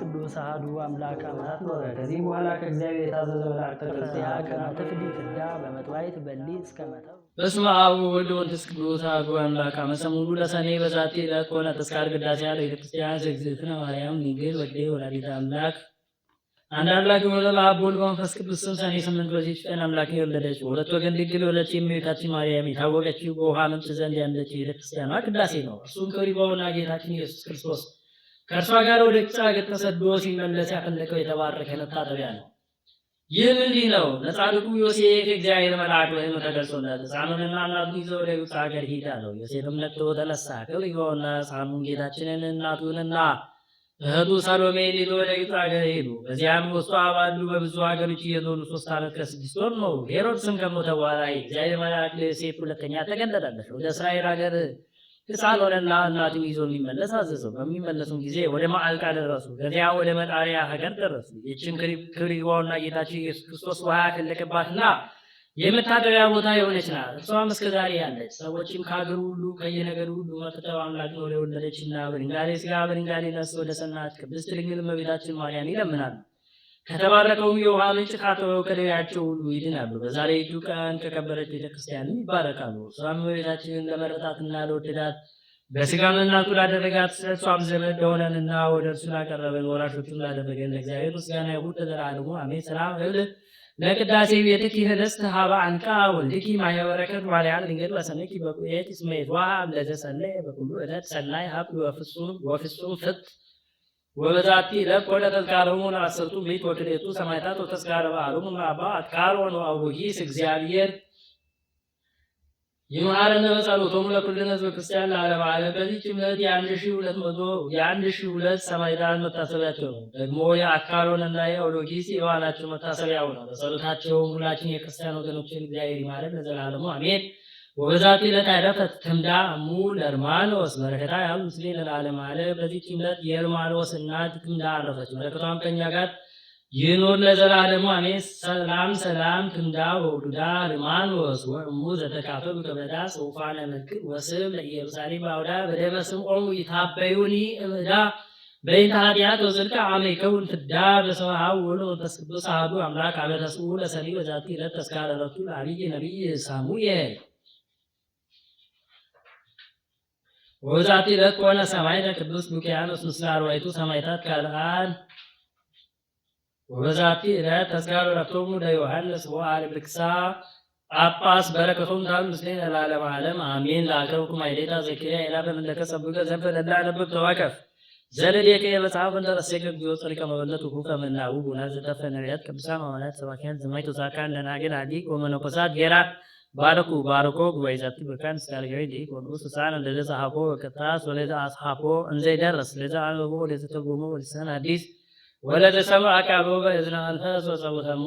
ቅዱስ አህዱ አምላክ አማት ኖረ። ከዚህ በኋላ ከእግዚአብሔር የታዘዘ መልአክ ተቀርጽያ ከናተ እዳ ዳ በመጥዋይት በሊ እስከ መተው በስመ አብ ወወልድ ወመንፈስ ቅዱስ አሐዱ አምላክ መሰሙሉ ለሰኔ በዛቲ ዕለት ኮነ ተስካር ቅዳሴ ያለ ቤተክርስቲያን ዘግዝእትነ ማርያም ድንግል ወዴ ወላዲተ አምላክ አንድ አምላክ የሆነ በአብ ወልድ በመንፈስ ቅዱስ ስም ሰኔ ስምንት በዚች ቀን አምላክ የወለደች በሁለት ወገን ድንግል የሆነች የእመቤታችን ማርያም የታወቀችው በውሃ ምንጭ ዘንድ ያለችው ቤተክርስቲያኗ ቅዳሴ ነው። እርሱም ክብር ይግባውና ጌታችን ኢየሱስ ክርስቶስ ከእርሷ ጋር ወደ ቂሳ ተሰዶ ሲመለስ ያፈለቀው የተባረከ መታጠቢያ ነው። ይህም እንዲህ ነው። ለጻድቁ ዮሴፍ እግዚአብሔር መልአክ ወይም ተደርሶለት ሕፃኑንና እናቱን ይዘው ወደ ግብፅ ሀገር ሂድ አለው። ዮሴፍም ነቅቶ ተነሳ፣ ክብር ይግባውና ሕፃኑን ጌታችንን እናቱንና እህቱ ሳሎሜን ይዘው ወደ ግብፅ ሀገር ሄዱ። በዚያም ውስጧ ባሉ በብዙ አገሮች እየዞሩ ሶስት ዓመት ከስድስት ወር ነው። ሄሮድስም ከሞተ በኋላ እግዚአብሔር መልአክ ለዮሴፍ ሁለተኛ ተገለጠለት ወደ እስራኤል ሀገር ሕፃን ሆነና እናቱ ይዞ የሚመለስ አዘዘው። በሚመለሱም ጊዜ ወደ ማዕልቃ ደረሱ። ከዚያ ወደ መጣሪያ ሀገር ደረሱ። ይችን ክሪዋውና ጌታችን ኢየሱስ ክርስቶስ ውሃ ያፈለቀባትና የመታጠቢያ ቦታ የሆነች ናት። እሷም እስከዛሬ ያለች ሰዎችም ከሀገር ሁሉ ከየነገሩ ሁሉ መጥተው አምላክ ወደ ወለደች እና በድንጋሌ ስጋ በድንጋሌ ነፍስ ወደ ሰናት ቅድስት ድንግል እመቤታችን ማርያም ይለምናሉ። ከተባረከው የውሃ ምንጭ ካጠበው ከደዌያቸው ሁሉ ይድናሉ። በዛሬቱ ቀን ከከበረች ቤተክርስቲያን ይባረካሉ። እሷም እመቤታችንን ለመረጣትና ለወደዳት በስጋ መናቱ ላደረጋት ስለ እሷም ዘመድ ለሆነንና ወደ እርሱ ላቀረበን ወራሾቹን ላደረገን እግዚአብሔር ምስጋና ይሁን ለዘላለሙ አሜን። ሰላም እብል ለቅዳሴ ቤትኪ ህልስት ሀበ አንቃ ወልድኪ ማየ በረከት ማርያም ድንግል በሰነኪ በቁየት ስሜት ዋ ለዘሰለየ በኩሉ ዕለት ሰናይ ሀብ ወፍጹም ፍት ወበዛቲ ዕለት ኮነ ተዝካሮሙ ለአሰርቱ ምዕት ወክልኤቱ ሰማዕታት ወተዝካረ በዓሎሙ እምአባ አትካሮን ወአቡጊስ እግዚአብሔር ይምሃረነ በጸሎቶሙ ለኩልነ ሕዝበ ክርስቲያን ለዓለመ ዓለም። በዚህች ዕለት የአንድ ሺህ ሁለት መቶ የአንድ ሺህ ሁለት ሰማዕታት መታሰቢያቸው ነው። ደግሞ የአካሎን እና የአውሎጊስ የዋናቸው መታሰቢያው ነው። በጸሎታቸውም ሁላችን የክርስቲያን ወገኖችን እግዚአብሔር ይማረን ለዘላለሙ አሜን። ወበዛቲ ዕለት አረፈት ትምዳ እሙ ለእርማኖስ በረከታ ያሉ ምስሌ ለዓለም አለ። በዚህች ዕለት የእርማኖስ እናት ትምዳ አረፈች። በረከቷም ከኛ ጋር ይኑር ለዘላለሙ አሜ። ሰላም ሰላም ትምዳ ወውዱዳ ርማኖስ ወእሙ ዘተካፈ ከበዳ ጽሑፋነ መልክዕ ወስም ለኢየሩሳሌም አውዳ በደመ ስምዖሙ ይታበዩኒ እምዳ በይንተ ኃጢአት ወጽድቀ አመ ይከውን ፍዳ በሰብአ ወወልድ ወመንፈስ ቅዱስ አሐዱ አምላክ አመ ተስኡ ለሰኒ በዛቲ ዕለት ተስካረ ዕረፍቱ ለዐቢይ ነቢይ ሳሙኤል ወበዛቲ ዕለት ኮነ ሰማዕተ ቅዱስ ሉኪያኖስ ምስለ አርባዕቱ ሰማዕታት ካልአል ወበዛቲ ዕለት ተስካሩ ረፍቶሙ ለዮሐንስ ወአርብክሳ ጳጳስ በረከቶም ታም ምስሌን ለዓለመ ዓለም አሜን። ለአቅረብኩም አይሌታ ዘኪርያ ኤላ በመለከ ሰብከ ዘንፈለላ ነብብ ተዋከፍ ዘለሌከ እንደ እንተረሴከ እግዚኦ ጸሪቀ መበለት ውኩ ከመናቡ ቡና ዘተፈ ነቢያት ቅዱሳን ሐዋርያት ሰባኪያን ዘማይ ተሳካ እንደናግን አዲ ወመነኮሳት ጌራ Baaraku baarakoo gubaysatti bekan sekali kali di kodu susana leza sahabo ketas leza ashabo anzai daras leza albo leza tagumo leza hadis ወለደ ሰብአ ከአበበ እዝነ አንፈስ ወጸውተሙ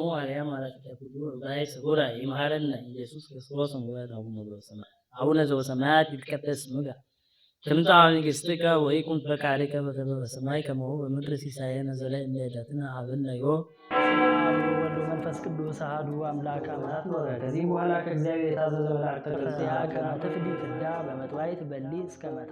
ማለት ተኩዱ ዛይ ስጉራ ይምሃረነ ኢየሱስ ክርስቶስ ወደ አቡነ ዘበሰማያት አቡነ ዘበሰማያት ይትቀደስ ስምከ ትምጻእ መንግሥትከ ወይኩን ፈቃድከ በከመ በሰማይ ከመሆ በምድር ሲሳየነ ዘለዓለመ ለዕለትነ ሀበነ ዮ መንፈስ ቅዱስ አህዱ አምላክ አማት ኖረ። ከዚህ በኋላ ከእግዚአብሔር የታዘዘ መልአክ ተቀርጽ ከመ ትፍዲ ፍዳ በመጥዋይት በሊ እስከ መታ